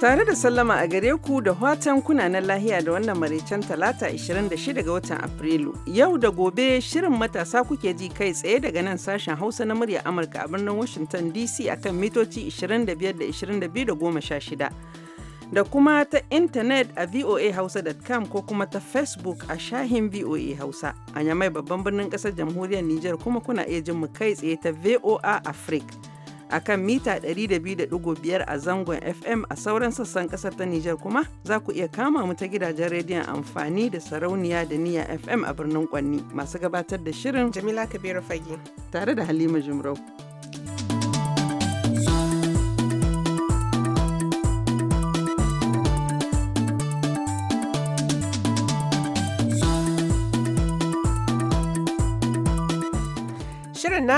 Tare da sallama a gare ku da watan kunanan lahiya da wannan maraicen talata 26 ga watan Afrilu. Yau da gobe shirin matasa kuke ji kai tsaye daga nan sashen Hausa na murya Amurka a birnin Washington DC akan mitoci 25 da 22 da Da kuma ta intanet a voahausa.com ko kuma ta Facebook a shahin VOA Hausa. A yamai babban birnin ƙasar jamhuriyar Nijar kuma kuna iya jin mu kai tsaye ta VOA Africa. a kan mita biyar a zangon FM a sauran sassan kasar ta Nijar kuma za ku iya kama mu ta gidajen rediyon amfani da sarauniya da niyya FM a birnin Kwanni masu gabatar da shirin Jamila Kabiru Fage tare da Halima Jumrau.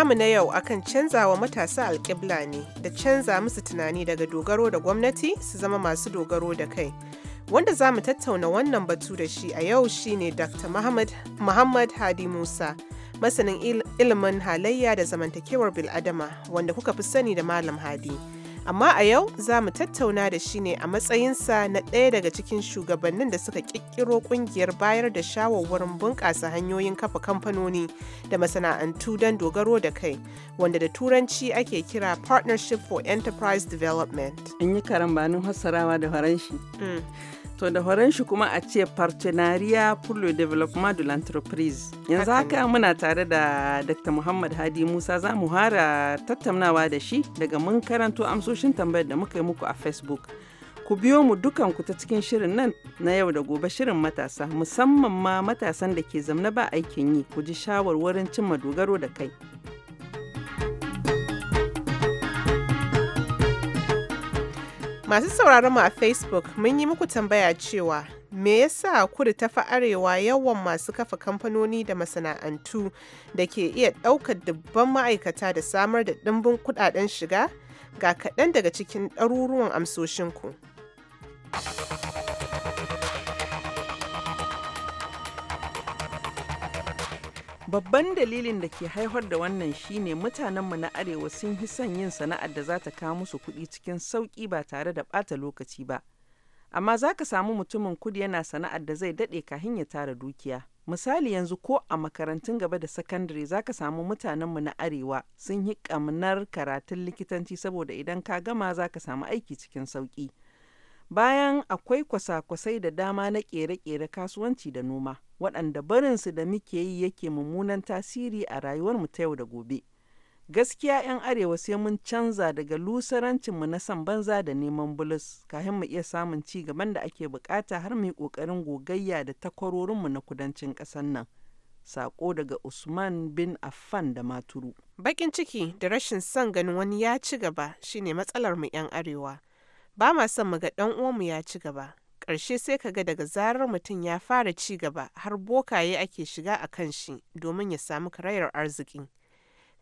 Namu na yau akan canzawa matasa alƙibla ne da canza musu tunani daga dogaro da gwamnati su zama masu dogaro da kai. Wanda za mu tattauna wannan batu da shi a yau shine Dr. Muhammad Hadi Musa, masanin ilimin halayya da zamantakewar bil'adama wanda kuka fi sani da Malam Hadi. amma a yau za mu tattauna da shi ne a matsayinsa na ɗaya daga cikin shugabannin da suka ƙirƙiro ƙungiyar bayar da shawarwarin bunƙasa hanyoyin kafa kamfanoni da masana'antu don dogaro da kai wanda da turanci ake kira partnership for enterprise development in yi karambanin hasarawa da faranshi mm. to da faranshi kuma a ce partenariat pour le développement de l'entreprise yanzu haka muna tare da dr muhammad hadi musa za mu hara tattaunawa da shi daga mun karanto amsu amsoshin tambayar da muka yi muku a Facebook. Ku biyo mu dukanku ta cikin shirin nan na yau da gobe shirin matasa musamman ma matasan da ke zamna ba aikin yi ku ji shawarwarin cimma dogaro da kai. Masu sauraron mu a Facebook mun yi muku tambaya cewa me yasa kudu ta fi arewa yawan masu kafa kamfanoni da masana'antu da ke iya ɗaukar dubban ma'aikata da samar da ɗimbin kudaden shiga ga kaɗan daga cikin ɗaruruwan amsoshinku. Babban dalilin da ke haifar da wannan shine mutanenmu na Arewa sun yi son yin sana'ar da za ta kawo musu kuɗi cikin sauƙi ba tare da ɓata lokaci ba. Amma za ka samu mutumin kudu yana sana'ar da zai daɗe kahin ya tara dukiya, Misali yanzu ko a makarantun gaba da sakandare zaka samu mutanenmu na arewa sun yi ƙamnar karatun likitanci saboda idan ka gama za ka samu aiki cikin sauƙi. Bayan akwai kwasa-kwasai da dama na ƙere-ƙere kasuwanci da noma, waɗanda barinsu da muke yi yake mummunan tasiri a rayuwarmu ta yau da gobe. gaskiya 'yan arewa sai mun canza daga lusarancinmu na san banza da neman bulus kafin mu iya samun ci gaban da ake bukata har mu yi kokarin gogayya da takwarorinmu na kudancin ƙasar nan sako daga usman bin affan da maturu bakin ciki da rashin son ganin wani ya ci gaba shine matsalar mu 'yan arewa ba ma son mu ga dan uwanmu ya ci gaba ƙarshe sai ka ga daga zarar mutum ya fara ci gaba har bokaye ake shiga a kan shi domin ya samu karayar arziki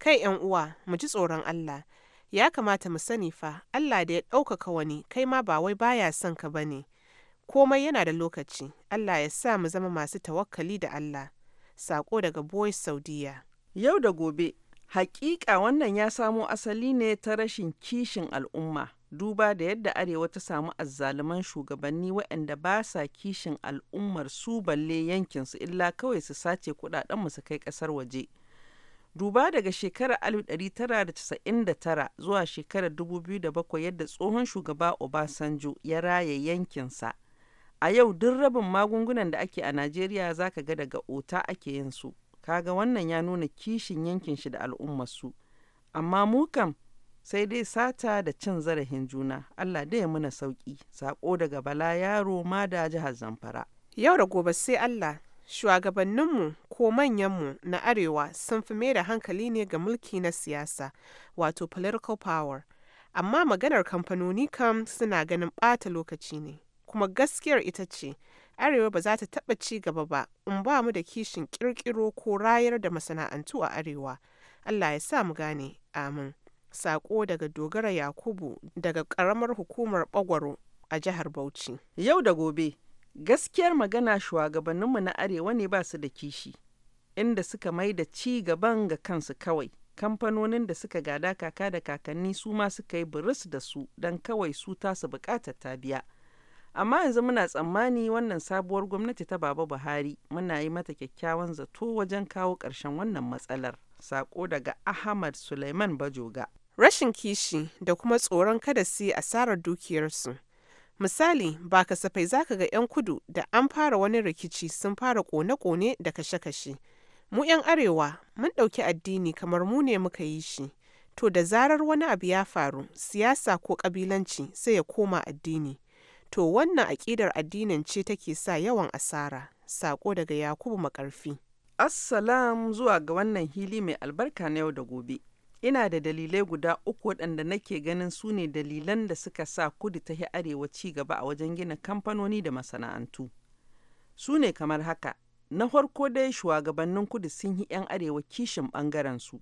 Kai ‘yan uwa, mu ji tsoron Allah, ya kamata mu sani fa, Allah da ya ɗaukaka wani, kai ma ba wai baya son ka ba ne. Komai yana da lokaci, Allah ya sa mu zama masu tawakkali da Allah. Sako daga Boy Saudiya. Yau da gobe, hakika wannan ya samo asali ne ta rashin kishin al'umma. duba da yadda arewa ta samu azzaluman shugabanni waɗanda ba sa kishin al'ummar su balle yankinsu illa kawai su sace kudaden su kai ƙasar waje Duba daga shekarar 1999 zuwa shekarar 2007 yadda tsohon shugaba Obasanjo ya raya yankinsa. A yau duk rabin magungunan da ake a Najeriya zaka ga daga Ota ake yin su. Kaga wannan ya nuna kishin yankin shi da al'ummarsu. Amma mu kam sai dai sata da cin zarafin juna. Allah dai muna sauki. Sako daga Bala Yaro ma da jihar Zamfara. Yau da gobe sai Allah. shugabanninmu ko manyanmu na arewa sun fi mai da hankali ne ga mulki na siyasa wato political power amma maganar kamfanoni kam suna ganin ɓata lokaci ne kuma gaskiyar ita ce arewa ba za ta taɓa ci gaba ba in ba mu da kishin ƙirƙiro ko rayar da masana'antu a arewa allah ya sa mu gane amin sako daga dogara yakubu daga ƙaramar hukumar ɓagwaro a jihar bauchi yau da gobe Gaskiyar magana shugabanninmu na Arewa ne ba su da kishi, inda suka mai da ci gaban ga kansu kawai. Kamfanonin da suka gada kaka da kakanni su ma suka yi buris da su don kawai su tasu bukatar ta biya. Amma yanzu muna tsammani wannan sabuwar gwamnati ta Baba Buhari muna yi mata kyakkyawan zato wajen kawo ƙarshen wannan matsalar. Sako daga Ahmad Suleiman Bajoga. Rashin kishi da kuma tsoron kada su yi asarar dukiyarsu. Misali, ba kasafai za ka ga 'yan kudu da an fara wani rikici sun fara kone-kone da kashe-kashe. Mu 'yan arewa mun ɗauki addini kamar mu ne muka yi shi. To da zarar wani abu ya faru, siyasa ko ƙabilanci sai ya koma addini. To wannan aƙidar addinin ce take sa yawan asara. Sako daga Yakubu Makarfi. Assalam zuwa ga wannan hili mai albarka na yau da gobe. Ina da dalilai guda uku waɗanda nake ganin su ne dalilan da suka sa kudu ta arewa ci gaba a wajen gina kamfanoni da masana'antu. Su ne kamar haka, na farko dai shugabannin kudu sun yi 'yan arewa kishin ɓangarensu.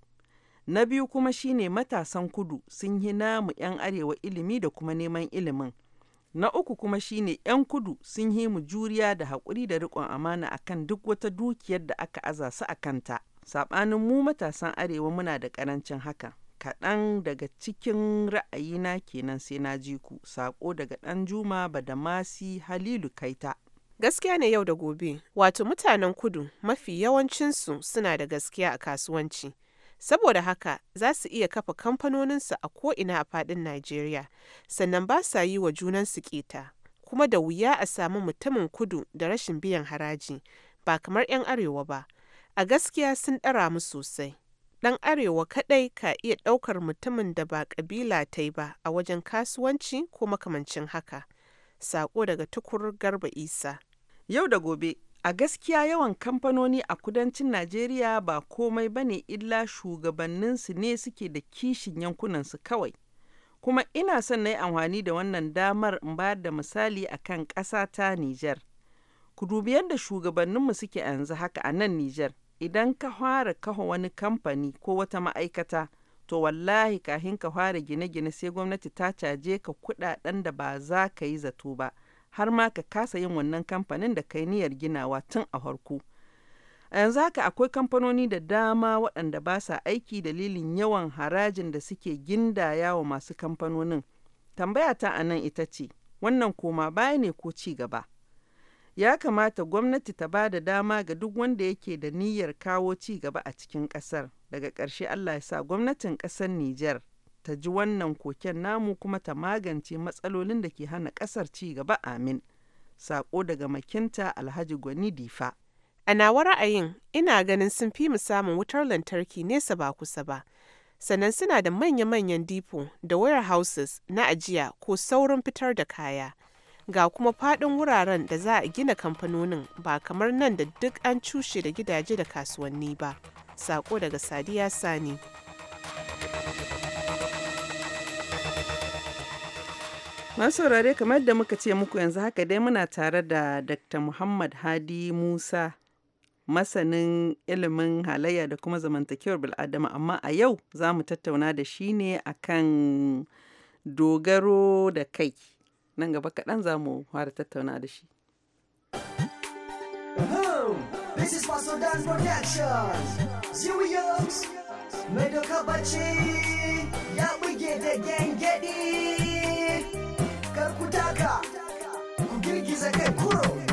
Na biyu kuma shine matasan kudu sun yi namu 'yan arewa ilimi da kuma neman ilimin. Na uku kuma shine 'yan kudu sun yi mu juriya da haƙuri da riƙon amana akan duk wata dukiyar da aka aza su a kanta. Saɓanin mu matasan arewa muna da ƙarancin haka. Kaɗan daga cikin ra'ayina kenan sai na ji ku. Sako daga ɗan Juma masi Halilu Kaita. Gaskiya ne yau da gobe, wato mutanen kudu mafi yawancinsu suna da gaskiya a kasuwanci. Saboda haka za su iya kafa kamfanoninsu a ko'ina a faɗin Najeriya, sannan ba sa yi wa junansu keta, kuma da wuya a samu mutumin kudu da rashin biyan haraji, ba kamar 'yan arewa ba. A gaskiya sun ɗara mu sosai. Ɗan Arewa kaɗai ka iya ɗaukar mutumin da ba ƙabila ta ba a wajen kasuwanci ko makamancin haka. Sako daga tukur Garba Isa. Yau da gobe, a gaskiya yawan kamfanoni a kudancin Najeriya ba komai ba ne illa shugabanninsu ne suke da kishin yankunansu kawai. Kuma ina son na yi amfani da wannan damar in ba da misali a kan ƙasa ta Nijar. Ku dubi yadda shugabanninmu suke yanzu haka a nan Nijar. idan ka fara kafa wani kamfani ko wata ma'aikata to wallahi kahin ka fara gine-gine sai gwamnati ta caje ka kuɗaɗen da ba za ka yi zato ba har ma ka kasa yin wannan kamfanin da kai niyyar ginawa tun a farko a yanzu haka akwai kamfanoni da dama waɗanda ba sa aiki dalilin yawan harajin da suke gindaya wa masu kamfanonin tambaya ta anan ita ce wannan koma baya ne ko ci gaba Ya kamata gwamnati ta ba da dama ga duk wanda yake da niyyar kawo ci gaba a cikin ƙasar. Daga ƙarshe Allah ya sa gwamnatin ƙasar Niger ta ji wannan koken namu kuma ta magance matsalolin da ke hana ƙasar ci gaba amin. saƙo daga makinta Alhaji Gwani Difa. A nawa ra'ayin ina ganin sun fi mu samun wutar lantarki nesa ba kusa ba. sannan suna da manya-manyan dipo da warehouses na ajiya ko saurin fitar da kaya ga kuma faɗin wuraren da za a gina kamfanonin ba kamar nan da duk an cushe da gidaje da kasuwanni ba. Sako daga Sadiya Sani. Masu saurare kamar da muka ce muku yanzu haka dai muna tare da Dr. Muhammad Hadi Musa masanin ilimin halayya da kuma zamantakewar bil'adama amma a yau za mu tattauna da shi ne akan dogaro da kai nan gaba kaɗan za mu fara tattauna da shi. This is Pastor Dan Productions. Serious. Mai doka bacci ya buge da gengedi. Kar ku ku girgiza kai kuro.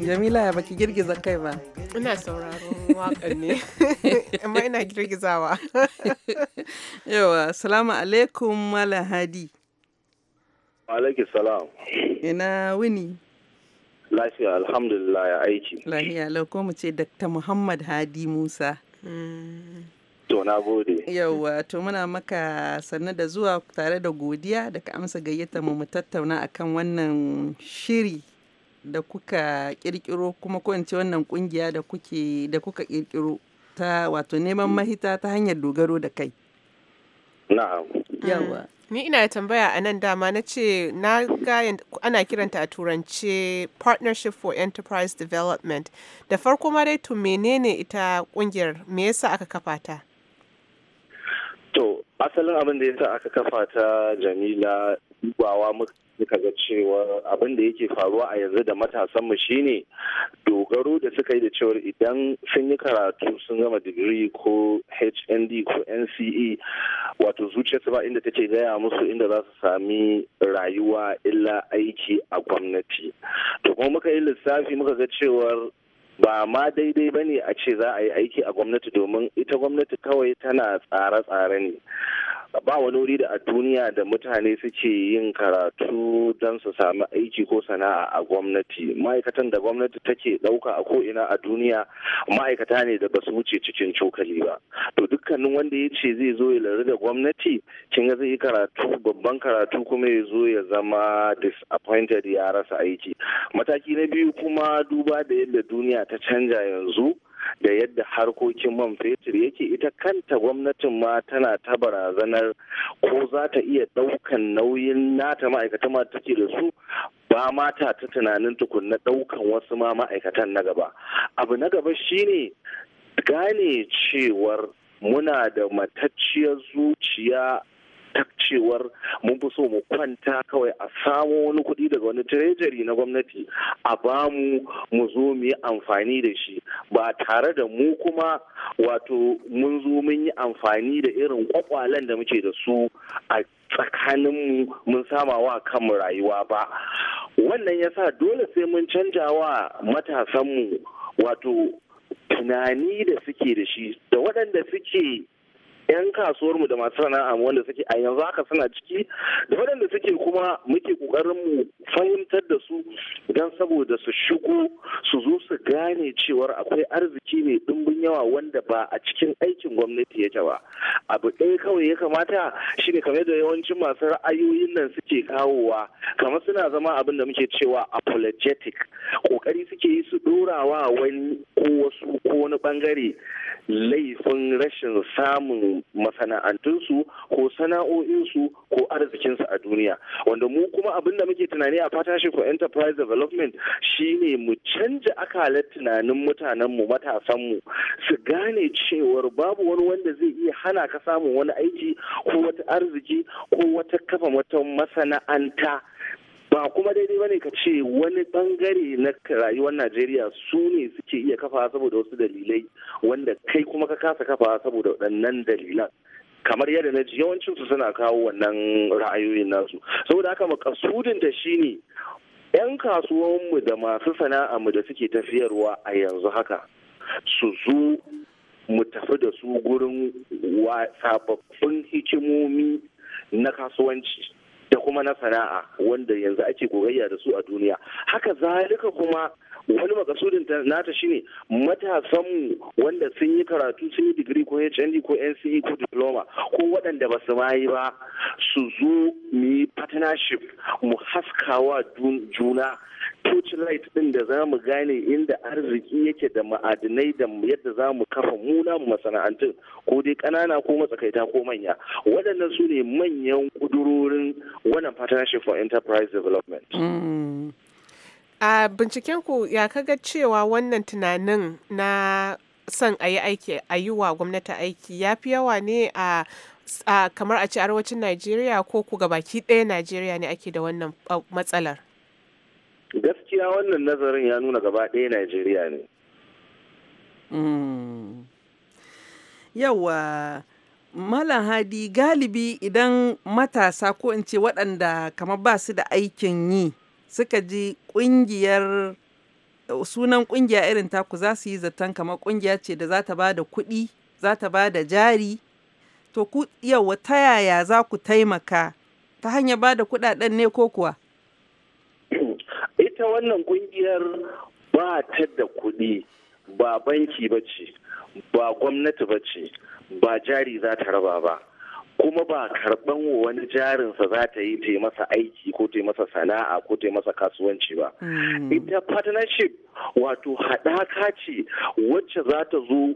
Jamila ba ki girgiza kai ba. Ina sauraron waƙan ne, ina girgizawa. Yawa, salamu alaikum Malam Hadi. Alaikum salam. Ina wuni. Lafiya alhamdulillah ya aiki. Lafiya lau mu ce Dr. Muhammad Hadi Musa. Mm. To na gode. Yawwa to muna maka sannu da zuwa tare da godiya daga amsa gayyata mu mu tattauna akan wannan shiri da kuka kirkiro kuma ko wannan kungiya da kuke da kuka kirkiro ta wato neman mahita ta hanyar dogaro da kai na'am ah, ni ina tambaya a nan dama na ce na ga ana kiranta a turance partnership for enterprise development da farko ma dai to menene ita kungiyar me yasa aka kafa ta to asalin abin da yasa aka kafa ta jamila dubawa muka ga cewa abin da yake faruwa a yanzu da matasan mu shine dogaro da suka yi da cewar idan sun yi karatu sun gama digiri ko hnd ko nce wato zuciyar su ba inda take gaya musu inda za su sami rayuwa illa aiki a gwamnati to kuma muka yi lissafi muka ga cewar ba ma daidai ba ne a ce za a yi aiki a gwamnati domin ita gwamnati kawai tana tsare-tsare ne ba wani wuri da a duniya da mutane suke yin karatu don su sami aiki ko sana'a a gwamnati ma'aikatan da gwamnati take ɗauka a ko'ina a duniya ma'aikata ne da ba su wuce cikin cokali ba to dukkanin wanda ya ce zai zo ya lari da gwamnati kin ga zai yi karatu babban karatu kuma ya zo ya zama disappointed ya rasa aiki mataki na biyu kuma duba da yadda duniya ta canja yanzu da yadda harkokin man fetur yake ita kanta gwamnatin ma tana ta barazanar ko za ta iya ɗaukan nauyin nata ma'aikata ma take da su ba mata ta tunanin tukunna ɗaukan wasu ma ma'aikatan na gaba abu na gaba shine gane cewar muna da matacciyar zuciya takcewar cewar mun fi so mu kwanta kawai a samo wani kuɗi daga wani tirejari na gwamnati a bamu mu zo mu yi amfani da shi ba tare da mu kuma wato mun zo mun yi amfani da irin kwakwalen da muke da su a tsakaninmu mun sama wa kanmu rayuwa ba wannan ya sa dole sai mun canja wa matasanmu wato tunani da suke da shi da waɗanda suke 'yan kasuwar mu da masu sana'a wanda suke a yanzu haka suna ciki da waɗanda suke kuma muke ƙoƙarin mu fahimtar da su don saboda su shigo su zo su gane cewar akwai arziki mai ɗumbin yawa wanda ba a cikin aikin gwamnati yake ba abu ɗaya kawai ya kamata shine kamar da yawancin masu ra'ayoyin nan suke kawowa kamar suna zama abin da muke cewa apologetic ƙoƙari suke yi su ɗorawa wani ko wasu ko wani ɓangare laifin rashin samun masana'antunsu ko sana'o'insu ko arzikinsu a duniya wanda mu kuma abin da muke tunani a partnership for enterprise development shine mu canja akalar tunanin mutanenmu matasanmu su gane cewar babu wani wanda zai iya hana ka samun wani aiki ko wata arziki ko wata kafa wata masana'anta ba kuma daidai bane ka ce wani bangare na rayuwar najeriya su ne suke iya kafa saboda wasu dalilai wanda kai kuma ka kasa kafa saboda waɗannan dalilan kamar yadda na ji yawancin su suna kawo wannan ra'ayoyin nasu saboda haka makasudin shi shine yan kasuwanmu da masu sana'armu da suke tafiyarwa a yanzu haka su zo mu tafi da su gurin sababbin hikimomi na kasuwanci da kuma na sana'a wanda yanzu ake gogayya da su a duniya haka zalika kuma wani makasudin nata shine matasan mu wanda sun yi karatu sun yi digiri ko HND ko NCE ko diploma ko waɗanda ba su yi ba su zo mu yi partnership mu haskawa juna light din da za mu gane inda arziki yake da ma'adinai da yadda za mu kafa muna masana'antun ko dai kanana ko matsakaita ko manya waɗannan su ne manyan ƙudurorin wannan partnership for enterprise development mm. a binciken ku ya kaga cewa wannan tunanin na son a yi aiki a yi wa gwamnati aiki ya fi yawa ne a kamar a ci arewacin najeriya ko ku ga baki ɗaya najeriya ne ake da wannan uh, matsalar gaskiya wannan nazarin ya nuna gaba ɗaya najeriya ne hmm. yawa Malam Hadi galibi idan matasa ko in ce waɗanda kama ba su da aikin yi suka ji ƙungiyar sunan ƙungiya irin taku za su yi zaton kamar ƙungiya ce da za ta ba da kuɗi za ta ba da jari to ku yawa ta yaya za ku taimaka ta hanyar ba da kuɗaɗen ne ko kuwa? ita wannan kungiyar ba ta da kuɗi ba banki ba ce ba gwamnati ba ce ba jari za ta raba ba kuma ba karɓan wani jarinsa za ta yi ta masa aiki ko ta masa sana'a ko ta masa kasuwanci ba mm. ita partnership wato haɗaka ce wacce za ta zo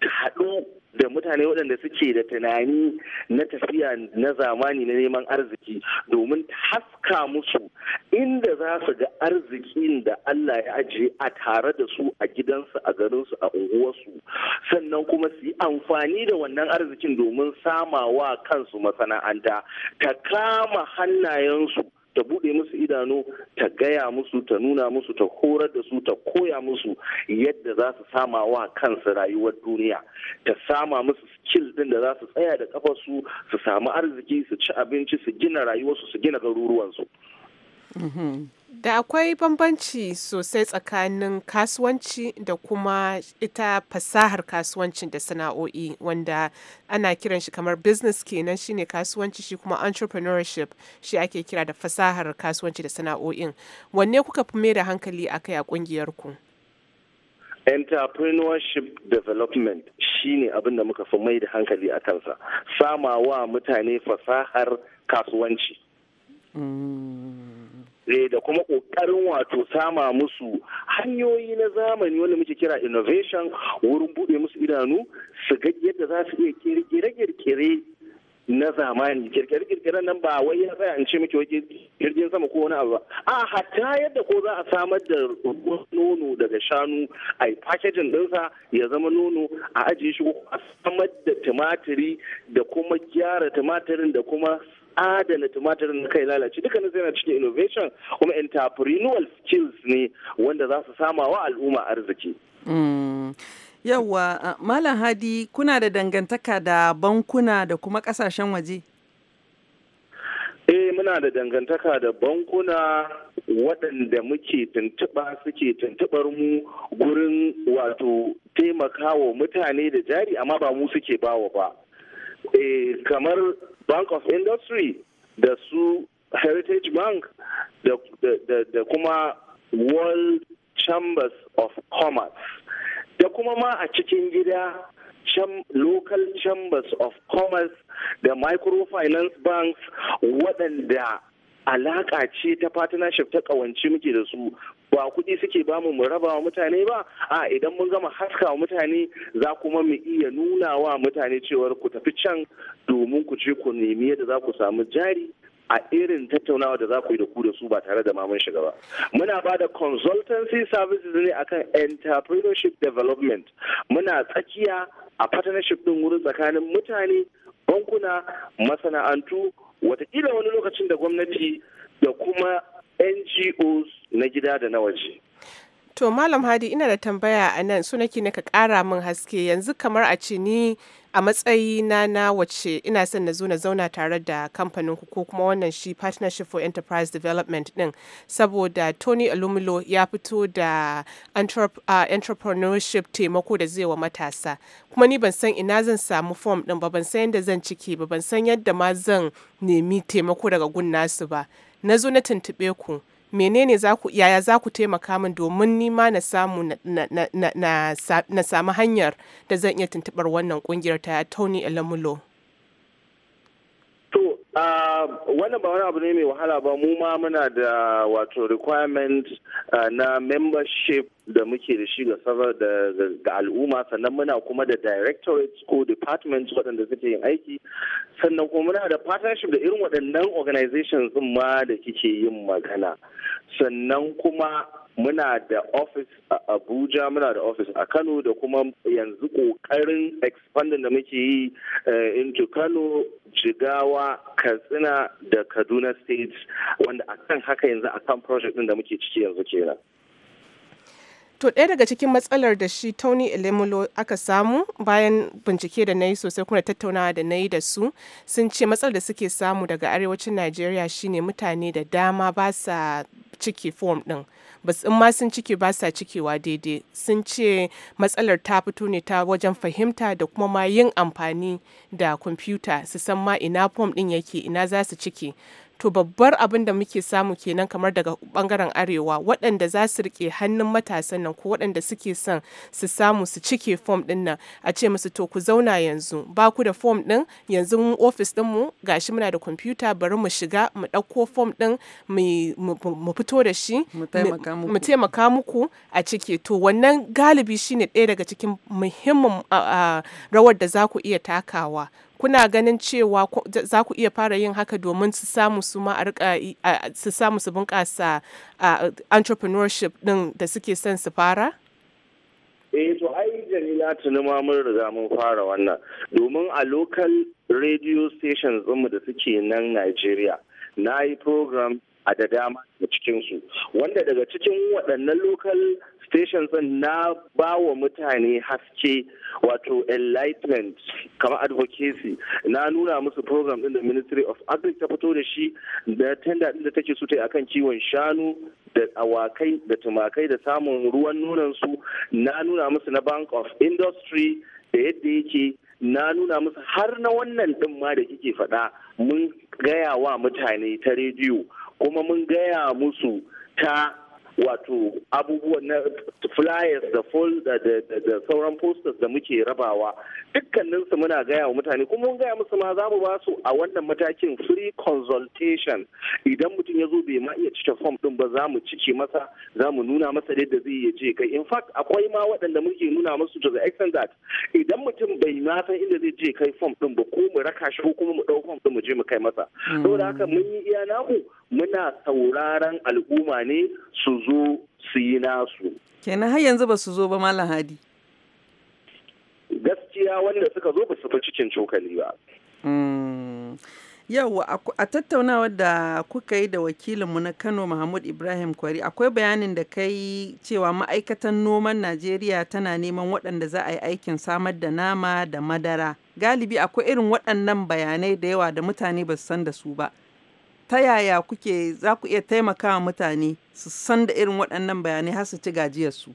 ta haɗu da mutane waɗanda suke da tunani na tafiya na zamani na neman arziki domin haska musu inda za su ga arzikin da Allah ya ajiye a tare da su a gidansu a garinsu a unguwarsu sannan kuma su yi amfani da wannan arzikin domin samawa kansu masana'anta ta kama hannayensu ta buɗe musu idanu ta gaya musu ta nuna musu ta horar da su ta koya musu yadda za su sama wa kansu rayuwar duniya ta sama musu skill ɗin da za su tsaya da kafarsu su samu arziki su ci abinci su gina rayuwarsu su gina garuruwansu. Mm-hmm. Da akwai bambanci sosai tsakanin kasuwanci da kuma ita fasahar kasuwancin da sana'o'i wanda ana kiran shi kamar business kenan shine kasuwanci shi kuma entrepreneurship shi ake kira da fasahar kasuwanci da sana'o'in. Wanne kuka fi mai da hankali a kai a ƙungiyarku? ku? entrepreneurship development shine abin da muka fi mai da hankali a kansa samawa mutane fasahar kasuwanci mm. da kuma ƙoƙarin wato sama musu hanyoyi na zamani wanda muke kira innovation wurin buɗe musu idanu su ga yadda za su iya kirkire-kirkire na zamani kirkire kirkire nan ba wai ya tsaya in ce muke wake jirgin sama ko wani abu ba a hatta yadda ko za a samar da nono daga shanu a yi fashejin ɗinsa ya zama nono a ajiye shi a samar da tumatiri da kuma gyara tumatirin da kuma adana tumatir na kai lalace dukkanin yana cikin innovation kuma entrepreneurial skills ne wanda za su sama wa al'umma arziki. Mm. Yawwa, uh, Malam Hadi, kuna da dangantaka da bankuna da kuma kasashen waje? Eh, muna da dangantaka da bankuna waɗanda muke tuntuɓa suke tuntuɓar mu gurin wato taimakawa mutane da jari amma ba mu suke bawa ba. Eh, kamar bank of industry da su heritage bank da kuma world chambers of commerce da kuma ma a cikin gida local chambers of commerce da microfinance banks waɗanda alaƙa ce ta partnership ta ƙawance muke da su ba kuɗi suke bamu mu raba wa mutane ba a idan mun gama haska mutane za kuma mu iya nuna wa mutane cewar ku tafi can domin ku ce ku nemi yadda za ku samu jari a irin tattaunawa da za ku yi da ku da su ba tare da mamun shiga ba. Muna ba da consultancy services ne akan entrepreneurship development. Muna tsakiya a partnership din wurin tsakanin mutane, bankuna, masana'antu, watakila wani lokacin da gwamnati da kuma ngos na gida da na waje to malam hadi ina da tambaya a nan su nake na ka kara min haske yanzu kamar a ce ni a matsayi na na wace ina son na zo na zauna tare da kamfanin ku ko kuma wannan shi partnership for enterprise development din saboda tony alumulo ya fito da entrepreneurship taimako da zai wa matasa kuma ni ban san ina zan samu form din ba ban san yadda zan cike ba ban san yadda ma zan nemi taimako daga gun nasu ba na zo na tuntuɓe ku menene yaya za ku taimaka min domin nima na samu na, samu hanyar da zan iya tuntuɓar wannan ƙungiyar ta Tony Elamulo. Ah, wannan ba wani abu ne mai wahala ba mu ma muna da wato requirement ah, na membership da muke da shi ga al'umma sannan muna kuma da directorate ko departments waɗanda suke yin aiki sannan kuma muna da partnership da irin waɗannan organizations ma da kike yin magana sannan kuma muna da ofis a abuja muna da ofis a kano da kuma yanzu kokarin expanding da muke yi eh, into kano jigawa katsina da kaduna state wanda akan haka yanzu akan project din da muke ciki yanzu kenan To ɗaya daga cikin matsalar da shi Tony Elemulo aka samu bayan bincike da na yi sosai kuma tattaunawa da na yi da su sun ce matsalar da suke samu daga arewacin Najeriya shine mutane da dama ba sa ciki form ɗin. in ma sun cike ba sa cikewa daidai sun ce matsalar ta fito ne ta wajen fahimta da kuma ma yin amfani da kwamfuta su san ma ina fom din yake ina za su cike to babbar abin da muke samu kenan kamar daga bangaren arewa waɗanda za su rike hannun matasan nan ko waɗanda suke son su samu su cike fom ɗin nan a ce musu to ku zauna yanzu ba ku da fom ɗin yanzu mun ofis ɗin mu gashi muna da kwamfuta bari mu shiga mu ɗauko fom ɗin mu fito da shi mu taimaka muku a cike to wannan galibi shine ɗaya daga cikin muhimmin rawar da za ku iya takawa kuna ganin cewa za ku iya fara yin haka domin su samu su ma su samu su bunƙasa entrepreneurship din da suke son su fara? e to ai Jamila tuni ma mun riga mun fara wannan domin a local radio stations mu da suke nan Najeriya na yi program a da dama cikin cikinsu wanda daga cikin waɗannan local stations din na ba wa mutane haske wato enlightenment kamar advocacy na nuna musu program din da ministry of agri ta fito da shi da tenda din da take so ta akan kiwon shanu da awakai da tumakai da samun ruwan nunan su na nuna musu na bank of industry da yadda yake na nuna musu har na wannan din ma da kike faɗa mun gaya wa mutane ta rediyo kuma mun gaya musu ta wato abubuwan na flyers da full da sauran posters da muke rabawa dukkaninsu muna gaya wa mutane kuma mun gaya musu ma za mu ba su a wannan matakin free consultation idan mutum ya zo bai ma iya cike form din ba za mu cike masa za mu nuna masa yadda zai iya je kai in fact akwai ma waɗanda muke nuna musu to the extent that idan mutum bai ma san inda zai je kai form din ba ko mu raka shi ko kuma mu ɗau form din mu je mu kai masa hmm. saboda haka mun yi iya naku muna sauraron al'umma ne su zo su yi nasu kenan har yanzu ba su zo ba malam hadi gaskiya wanda suka zo ba su fi cikin cokali ba mm. yau a tattaunawar da kuka yi da wakilinmu na kano mahmud ibrahim kwari akwai bayanin da kai cewa ma'aikatan noman najeriya tana neman waɗanda za a yi aikin samar da nama da madara galibi akwai irin waɗannan bayanai da yawa da mutane ba su san da su ba ta yaya kuke za ku iya taimakawa mutane su san da irin waɗannan bayanai har su ci gajiyarsu? su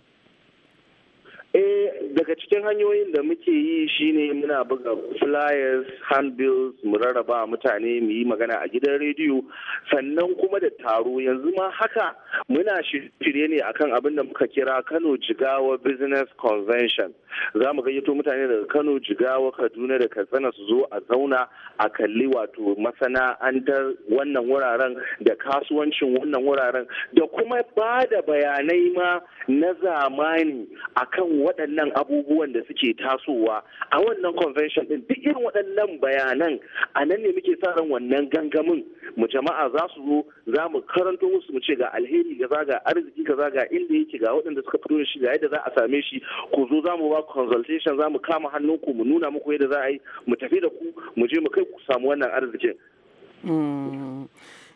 Eh daga cikin hanyoyin da muke yi shine muna buga flyers, handbills, mu rarraba mutane mu yi magana a gidan rediyo sannan kuma da taro yanzu ma haka muna shirye ne akan abin da muka kira Kano Jigawa Business Convention. Za mu gayyato mutane daga Kano Jigawa Kaduna da Katsina su zo a zauna a kalli wato masana'antar wannan wuraren da kasuwancin wannan wuraren da kuma ba da bayanai ma na zamani akan waɗannan abubuwan da suke tasowa a wannan convention din duk irin waɗannan bayanan a nan ne muke sa ran wannan gangamin mu jama'a za su zo za mu karanto musu mu ce ga alheri ga ga arziki kaza ga inda yake ga waɗanda suka fito da shi ga yadda za a same shi ku zo za mu ba consultation za mu kama hannun ku mu nuna muku yadda za a yi mu tafi da ku mu je mu kai ku samu wannan arzikin. Mm.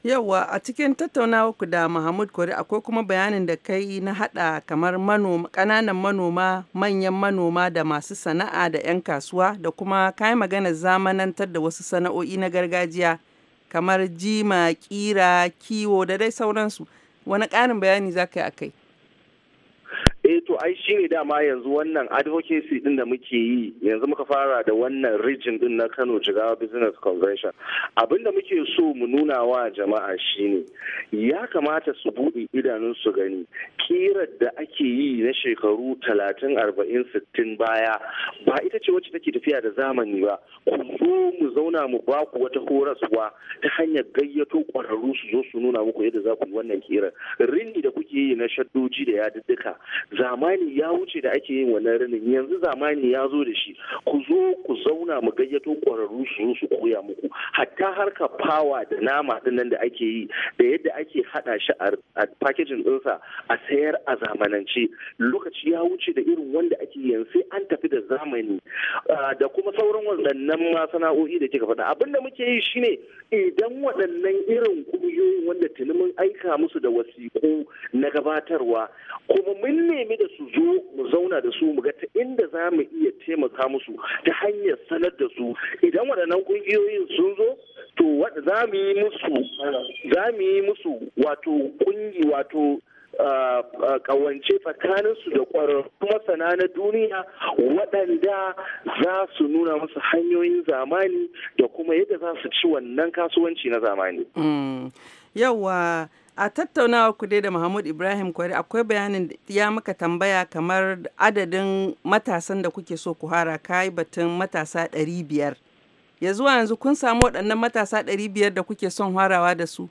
Yauwa a cikin tattaunawa ku da Mahmud kori akwai kuma bayanin da kai na hada kamar manoma kananan manoma manyan manoma da masu sana'a da 'yan kasuwa da kuma kai magana zamanantar da wasu sana'o'i na gargajiya kamar jima kira kiwo da dai sauransu wani ƙarin bayani za ka yi kai? eh to ai shine dama yanzu wannan advocacy din da muke yi yanzu muka fara da wannan region din na Kano Jigawa Business Convention da muke so mu nuna wa jama'a shine ya kamata su buɗe idanun su gani kirar da ake yi na shekaru 30 40 60 baya ba ita ce wacce take tafiya da zamani ba ku zo mu zauna mu ba ku wata horaswa ta hanyar gayyato ƙwararru su zo su nuna muku yadda za ku yi wannan kirar Rindi da kuke yi na shaddoji da yadudduka zamani ya wuce da ake yin wannan rinin yanzu zamani ya zo da shi ku zo ku zauna mu gayyato ƙwararru su su koya muku hatta harka fawa da nama dinnan da ake yi da yadda ake haɗa shi a packaging ɗinsa a sayar a zamanance lokaci ya wuce da irin wanda ake yanzu sai an tafi da zamani ah, da kuma sauran waɗannan ma sana'o'i da kika faɗa abin da muke yi shine idan waɗannan irin ƙungiyoyin wanda tuni mun aika musu da wasiƙu na gabatarwa kuma mun ne. nemi da su zo mu zauna da su mu ga ta inda za mu iya taimaka musu ta hanyar sanar da su idan waɗannan ƙungiyoyin sun zo to za mu yi musu za mu yi musu wato ƙungi wato ƙawance tsakaninsu da ƙwararru masana na duniya waɗanda za su nuna musu hanyoyin zamani da kuma yadda za su ci wannan kasuwanci na zamani. Mm. a tattaunawa ku da Mahmud Ibrahim Kwari akwai bayanin ya maka tambaya kamar adadin matasan da kuke so ku hara kai batun matasa 500 ya zuwa yanzu kun samu waɗannan matasa 500 da kuke son harawa da su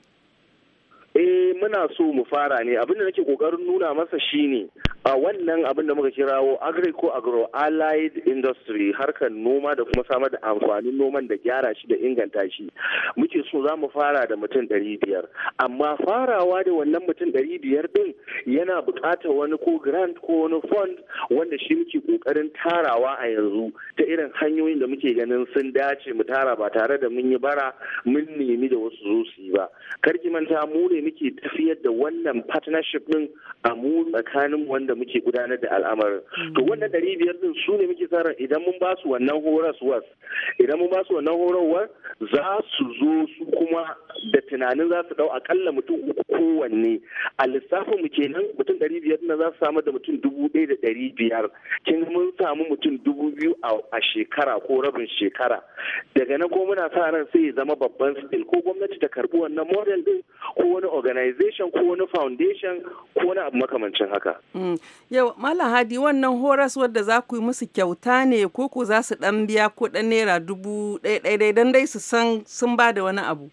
eh muna so mu fara ne abinda nake kokarin nuna masa shine a wannan abin da muka kirawo agri ko agro allied industry harkar noma da kuma samar da amfanin noman da gyara shi da inganta shi muke so za mu fara da mutum ɗari biyar amma farawa da wannan mutum ɗari biyar din yana buƙatar wani ko grant ko wani fund wanda shi muke kokarin tarawa a yanzu ta irin hanyoyin da muke ganin sun dace mu tara ba tare da mun yi bara mun nemi da wasu zo su yi ba karki manta mu ne muke tafiyar da wannan partnership din a mu tsakanin wanda muke gudanar da al'amarin to hmm. wannan ɗari biyar din su ne muke sa idan mun ba su wannan horaswar idan mun ba su wannan horarwar za su zo su kuma da tunanin za su dau akalla mutum uku kowanne a lissafin mu kenan mutum ɗari biyar na za su samu da mutum dubu ɗaya da ɗari biyar kin mun samu mutum dubu biyu a shekara ko rabin shekara daga nan ko muna sa ran sai ya zama babban stil ko gwamnati ta karbi wannan model din ko wani organization ko wani foundation ko wani abu makamancin haka. Mm. Yau Malam Hadi wannan horas wadda za ku yi musu kyauta ne ko ku za su ɗan biya ko ɗan naira dubu ɗaya ɗaya dan dai su san sun ba da wani abu.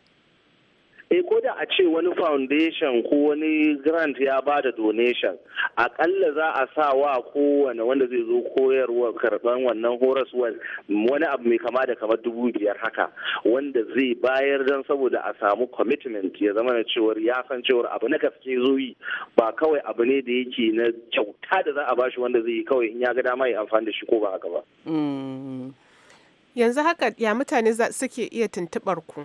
eh ko da a ce wani foundation ko wani grant ya ba da donation akalla za a sa wa kowane wanda zai zo koyarwa karban wannan horas wani abu mai kama da kamar dubu biyar haka wanda zai bayar don saboda a samu commitment ya zama na cewar ya san cewar abu na gaske zo yi ba kawai abu ne da yake na kyauta da za a bashi wanda zai yi kawai in ya ga dama ya amfani da shi ko ba haka ba. Mm. Yanzu haka ya mutane suke iya tuntubar ku.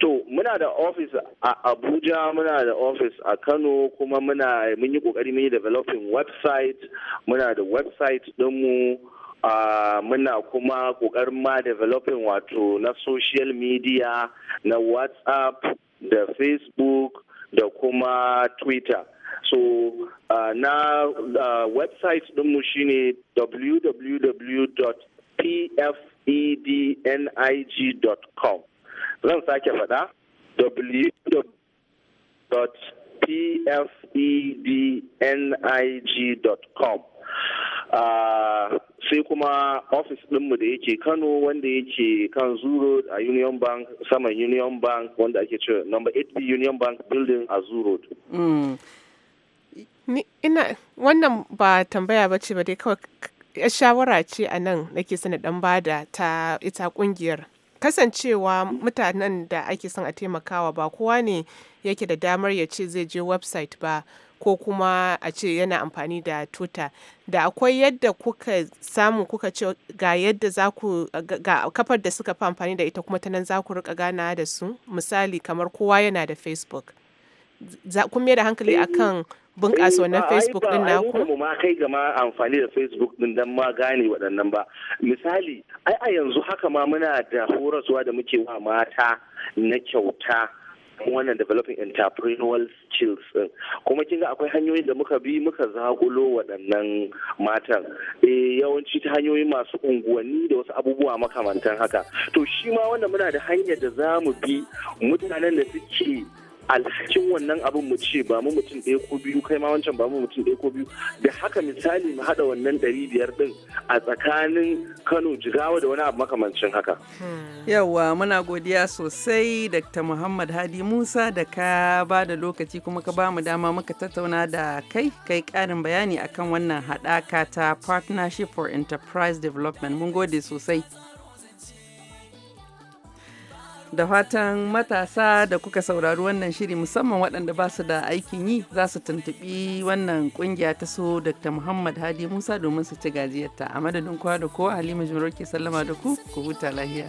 To muna da ofis a Abuja, muna da ofis a Kano kuma muna mun yi kokari mun yi developing website, muna da website ɗinmu Uh, muna kuma kokarin ma developing wato na social media na whatsapp da facebook da kuma twitter so uh, na uh, website ɗinmu shine www.pfednig.com zan sake faɗa www.pfedning.com Uh, ah, sai kuma ofis dinmu da yake kano wanda yake kan zuro a union bank saman union bank wanda ake ce number 8b union bank building a zuro mm. ina wannan ba tambaya ba ce ba dai kawai shawara ce a nan nake sana bada ta ita kungiyar kasancewa mutanen da ake son a taimakawa ba kowa ne yake da damar ya ce zai je website ba ko kuma a ce yana amfani da twitter da akwai yadda kuka samu kuka ce ga yadda za ku ga kafar da suka fi amfani da ita kuma ta nan za ku rika gana da su misali kamar kowa yana da facebook kun da hankali akan bunƙasa wannan facebook din na ku mu ma kai gama amfani da facebook din dan ma gane waɗannan ba misali ai a yanzu haka ma muna da horaswa da muke wa mata na kyauta wannan developing entrepreneurial skills din kuma kin ga akwai hanyoyi da muka bi muka zakulo waɗannan matan eh yawanci ta hanyoyi masu unguwanni da wasu abubuwa makamantan haka to shi ma wannan muna da hanyar da za mu bi mutanen da suke alhakin wannan abin mu ce ba mu mutum ɗaya ko biyu kai ma wancan ba mu mutum ɗaya ko biyu da haka misali mu haɗa wannan ɗari biyar ɗin a tsakanin kano jigawa da wani abu makamancin haka. Hmm. yawa muna godiya sosai dr muhammad hadi musa da ka ba da lokaci kuma ka ba mu dama muka tattauna da kai kai ƙarin bayani akan wannan haɗaka ta partnership for enterprise development mun gode sosai. da fatan matasa da kuka saurari wannan shiri musamman waɗanda ba su da aikin yi za su tuntuɓi wannan ƙungiya ta so dr muhammad hadi musa domin su ci gajiyarta a madadin kowa da kowa halima jimarauke sallama da ku ku huta lahiya